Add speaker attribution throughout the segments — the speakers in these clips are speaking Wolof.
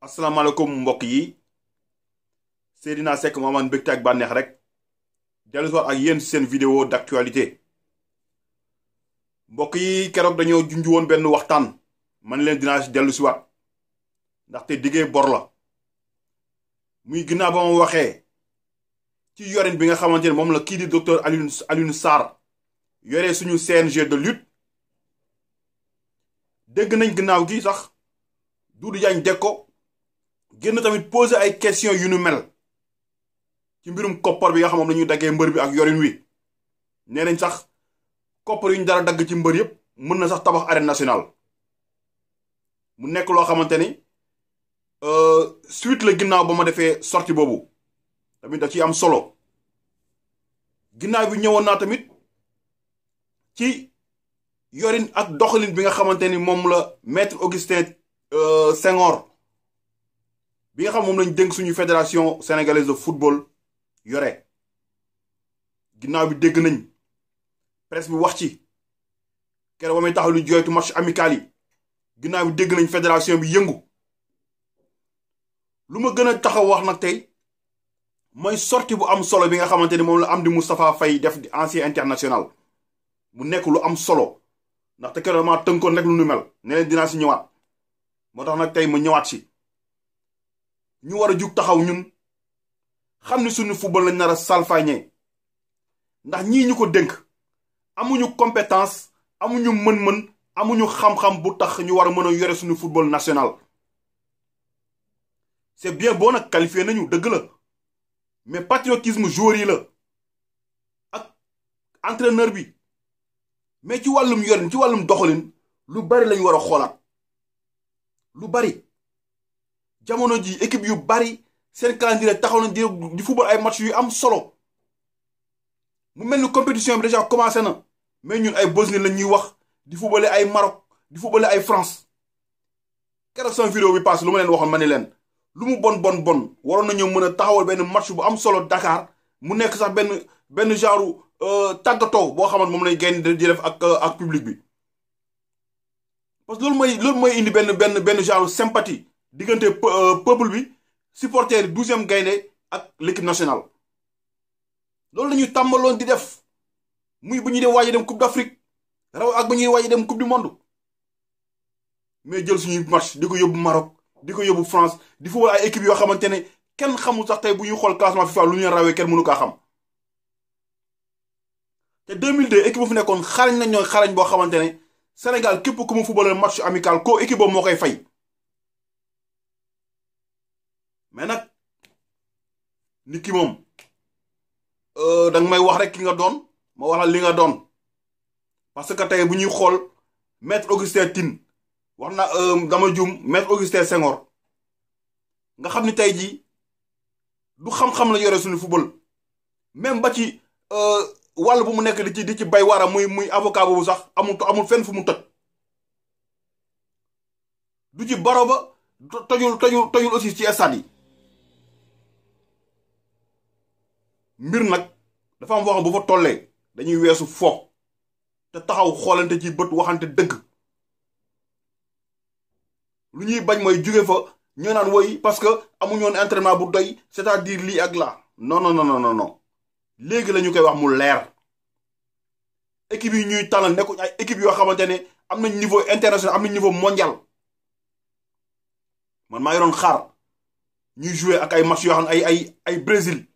Speaker 1: asalaamaaleykum mbokk yi Seydina Seck moo amaan mbégte ak bànneex rek dellu soor ak yéen seen vidéo d'actualité mbokk yi keroog dañoo junj woon benn waxtaan man leen dinaa si dellu si ndaxte diggee bor la muy ginnaaw ba ma waxee ci yorin bi nga xamante ne moom la kii di docteur Alioune Alioune Sarr yoree suñu CNG de lutte dégg nañ ginnaaw gi sax Doudou Diagne Decko génn tamit poser ay question yu nu mel ci mbirum koppar bi nga xam moom la ñuy daggee mbër bi ak yorin wi nee nañ sax koppar yu ñu dara dagg ci mbër yépp mën na sax tabax arène nationale mu nekk loo xamante ni euh, suite la ginnaaw ba ma sortie boobu tamit da ci am solo ginnaaw bi ñëwoon naa tamit ci yorin ak doxalin bi nga xamante ni moom la maître Augustin euh, Senghor bi nga xam moom lañ dénk suñu fédération sénégalaise de football yore ginnaaw bi dégg nañ presse bu wax ci keroog ba muy taxaw lu jooytu match amical yi ginnaaw bi dégg nañ fédération bi yëngu lu ma gën a taxaw wax nag tey mooy sortie bu am solo bi nga xamante ni moom la Amdy Moustapha fay def di ancien international mu nekk lu am solo ndaxte keroog maa tënkoon rek lu nu mel nee leen dinaa si ñëwaat moo tax nag tey ma ñëwaat si ñu war a jug taxaw ñun xam ni suñu football lañ nar a salfaañee ndax ñii ñu ko dénk amuñu compétence amuñu mën-mën amuñu xam-xam bu tax ñu war a mën a yore suñu football national c'est bien bon nag qualifié nañu dëgg la mais patriotisme joueur la ak entraîneur bi mais ci wàllum yorin ci wàllum doxalin lu bari lañu war a xoolaat lu bari jamono ji équipe yu bari seen calendrier taxaw na di football ay match yu am solo mu mel ni compétition bi déjà commencé na mais ñun ay Bosnie lañ ñuy wax di footballer ay Maroc di footballer ay France keroog sama vidéo bi passe lu ma leen waxoon ma ni leen lu mu bon bon bon waroon nañoo mën a taxawal benn match bu am solo Dakar mu nekk sax benn benn genre euh, tàggatoo boo xamante moom lañ génn di ref ak euh, ak public bi parce loolu mooy loolu mooy indi benn benn benn genre sympathie diggante euh, peuple bi supporter 12e gaynde ak l'équipe nationale lolou lañu ñu di def muy buñu dé dem dem coupe d'Afrique raw ak buñu ñuy waaji dem coupe du monde mais jël suñu match diko yobbu Maroc diko yobbu France di fa ay équipe yo xamante kenn xamul sax tay buñu xol classement FIFA luñu ñu kenn mënu kaa xam té 2002 équipe bu fi xarañ nañ ñoy xarañ bo xamante Sénégal képp ku mu footballeur match amical ko équipe mo koy fay mais nag nit ki moom euh, da nga may wax rek ki nga doon ma wax la li nga doon parce que tey bu ñuy xool maître Augustin Tine wax na euh, dama juum maître Augustin Senghor nga xam ni tey jii du xam-xam la yore suñu football même ba ci euh, wàll bu mu nekk di ci di ci bay wara muy muy avocat boobu sax amul amul fenn fu mu toj du ci baro ba tojul tojul tojul aussi ci stade yi mbir nak dafa am boo bu fa tollé dañuy weesu fo te taxaw xoolante ci bët waxante dëgg lu ñuy bañ moy juggé fa ñu naan woy parce que amuñu woon entraînement bu doy c'est-à-dire li ak la non non non non non légui lañu koy wax mu leer équipe yi ñuy talal nekkuñ ay équipe yo xamante ne am niveau international am niveau mondial man ma ngi xaar ñuy jouer ak ay match yo xam ay ay ay Brésil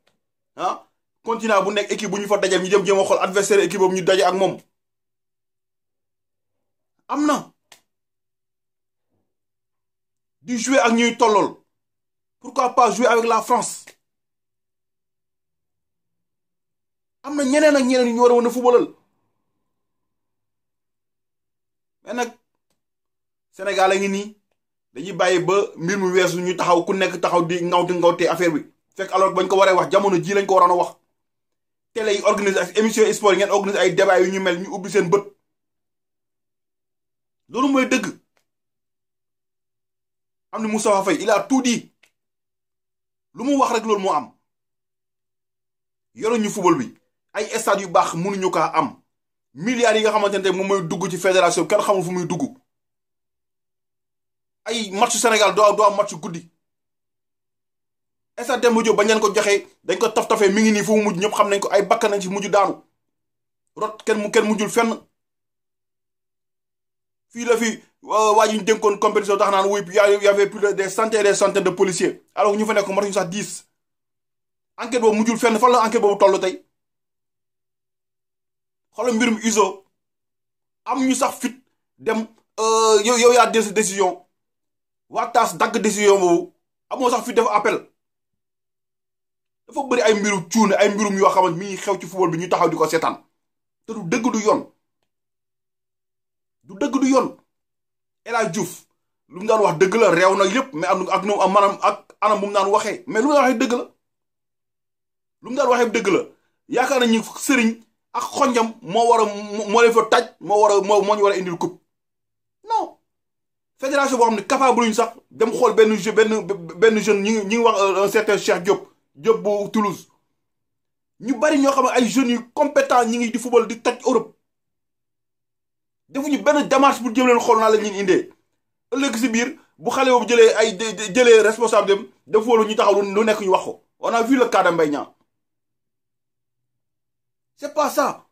Speaker 1: hein continant bu nekk équipe bu ñu fa dajal ñu jëm jéem a xool adversaire équipe ñu daje ak moom am na di jouer ak ñuy tollool pourquoi pas jouer avec la France am na ñeneen ak ñeneen ñu war a mën a fubalal mais nag Sénégal a ngi nii dañuy bàyyi ba mbir mu weesu ñu taxaw ku nekk taxaw di ngawti ngawte affaire bi fekk alors bañ ko waree wax jamono ji lañ ko waroon a wax télé yi organiser émission sport yi ngeen organiser ay débat yu ñu mel ñu ubbi seen bët loolu mooy dëgg am na Moussa Faye il a tout dit lu mu wax rek loolu moo am yoro ñu football bi ay stade yu baax mënuñu kaa am milliards yi ga xamante ne moom mooy dugg ci fédération kenn xamul fu muy dugg ay match senegal doo doo am match guddi SRT Demba Diop bañ leen ko joxe dañ ko taf tafee mi ngi nii fu mu mujj ñëpp xam nañ ko ay bakkan nañ ci mujj daanu rot kenn mu kenn mujjul fen fii la fi waa ji ñu dénkoon compétition tax naan wuy y avait plus de des centaines des centaines de policiers alors ñu fa nekk matuñu sax dix enquête boobu mujjul fenn fan la enquête boobu toll tey mbir mu Uzo am ñu sax fit dem euh, yow yow yaa des décision waa taas dagg décision boobu amoo sax fit def appel dafa bari ay mbiru cuune ay mbirum yoo xamante mi ngi xew ci football bi ñu taxaw di ko seetaan te du dëgg du yoon du dëgg du yoon El la Diouf lu mu daan wax dëgg la réew na yëpp mais am ak ñoom am maanaam ak anam bu mu daan waxee mais lu mu daan waxee dëgg la lu mu daan waxee dëgg la yaakaar nañu sëriñ ak xonjam moo war a moo leen fa taj moo war a moo moo ñu war a indil coupe non fédération boo xam ne capable ñu sax dem xool benn benn benn jeune ñu ngi ñu ngi wax euh, un certain Cheikh Diop bu Toulouse ñu bari ño xam ne ay jeunes yu compétents ñi ngi di football di toj Europe defu ñu ben démarche bu jëm leen xol na la ñuy indé ëllëg ci biir bu xalé boobu jëlé ay jëlé responsable dem def wóolu ñu taxaw lu nekk ñu waxo on a vu le cas de Mbaye c'est pas ça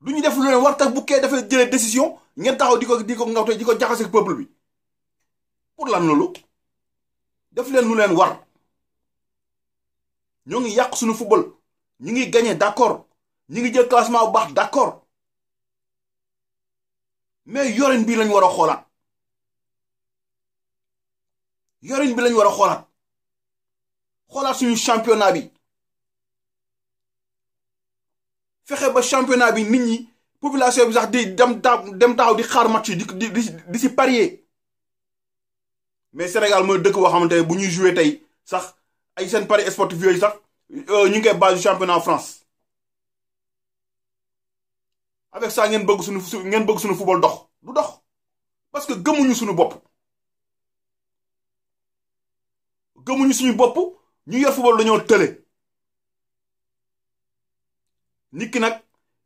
Speaker 1: lu ñu def lu leen war tax bu ké dafa jëlé décision ngeen taxaw diko diko di diko ngawte di jaxase peuple bi pour lan loolu def leen lu leen war. Nous ngi yàq suñu football Nous ngi gagné d'accord ñu ngi jël classement bu baax d'accord mais yorin bi lañ war a xoolaat bi lañ war a xoolaat suñu championnat bi fexe ba championnat bi nit ñi population bi sax di dem di xaar match di parier mais Sénégal mooy dëkk boo bu jouer ay Paris, pari vieux nous sax euh, ñu ngi base du championnat France avec ça ngeen bëgg suñu ngeen football du parce que gëmuñu suñu pas nous ñu le football dañoo tële nit ki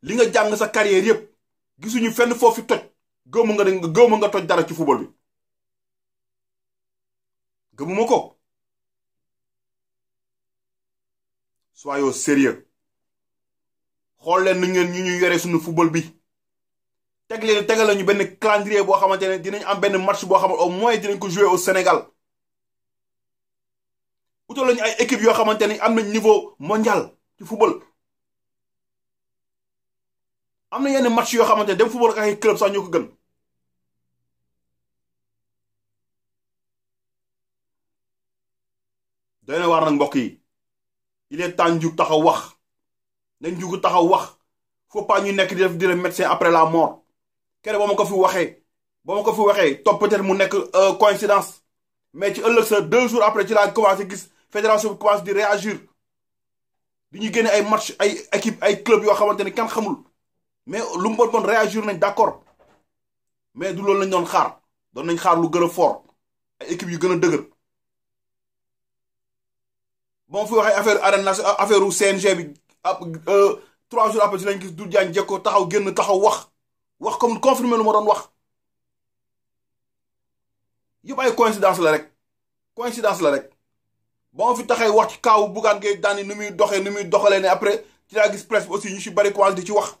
Speaker 1: li nga sa carrière nous fenn de toj nga nga toj dara ci football bi soyons sérieux xool leen nu ngeen ñu ñu yore suñu football bi teg leen tegal la ñu benn calendrier boo xamante ne dinañ am benn match boo xam ne au moins dinañ ko jouer au Sénégal utal lañu ay équipe yoo xamante ne am nañ niveau mondial ci football. am na yenn match yoo xamante ne dem football ak ay sax ñoo ko gën doy na waar nag mbokk yi. il est temps de taxaw wax nañ Il taxaw faut pas ñu que médecin après la mort kere ba ko fi waxé ba ne ko fi waxé top peut-être mu euh, coïncidence mais deux jours après la fédération di réagir di ñu ay match ay équipe ay club mais lu bon réagir nañ d'accord mais du pas lañ doon xaar doon nañ xaar lu fort ay équipe yu moo fi waxee affaire arène nationale affaire CNG bi ab euh, trois jours après ci lañ gis du Diagne Diecko taxaw génn taxaw wax wax comme confirmé nu ma doon wax yëpp ay coïncidence la rek coïncidence la rek ba ma fi taxee wax ci kaaw Bougane Gueye Dany ni muy doxee ni muy doxalee ne après ci laa gis presse bi aussi ñu si bëri commencé di ci wax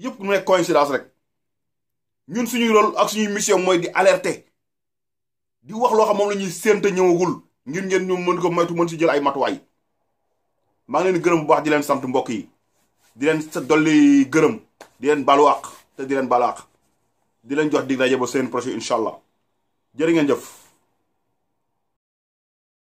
Speaker 1: yëpp mu nekk coïncidence rek ñun suñuy rôle ak suñuy mission mooy di alerte di wax loo xam moom la ñuy sénta ñëwagul ngir ngeen ñu mën ko moytu mën si jël ay matuwaay maa ngi leen gërëm bu baax di leen sant mbokk yi di leen sa dolli gërëm di leen balu àq te di leen balu di leen jox dig daje ba seen projet incha allah jërë ngeen jëf.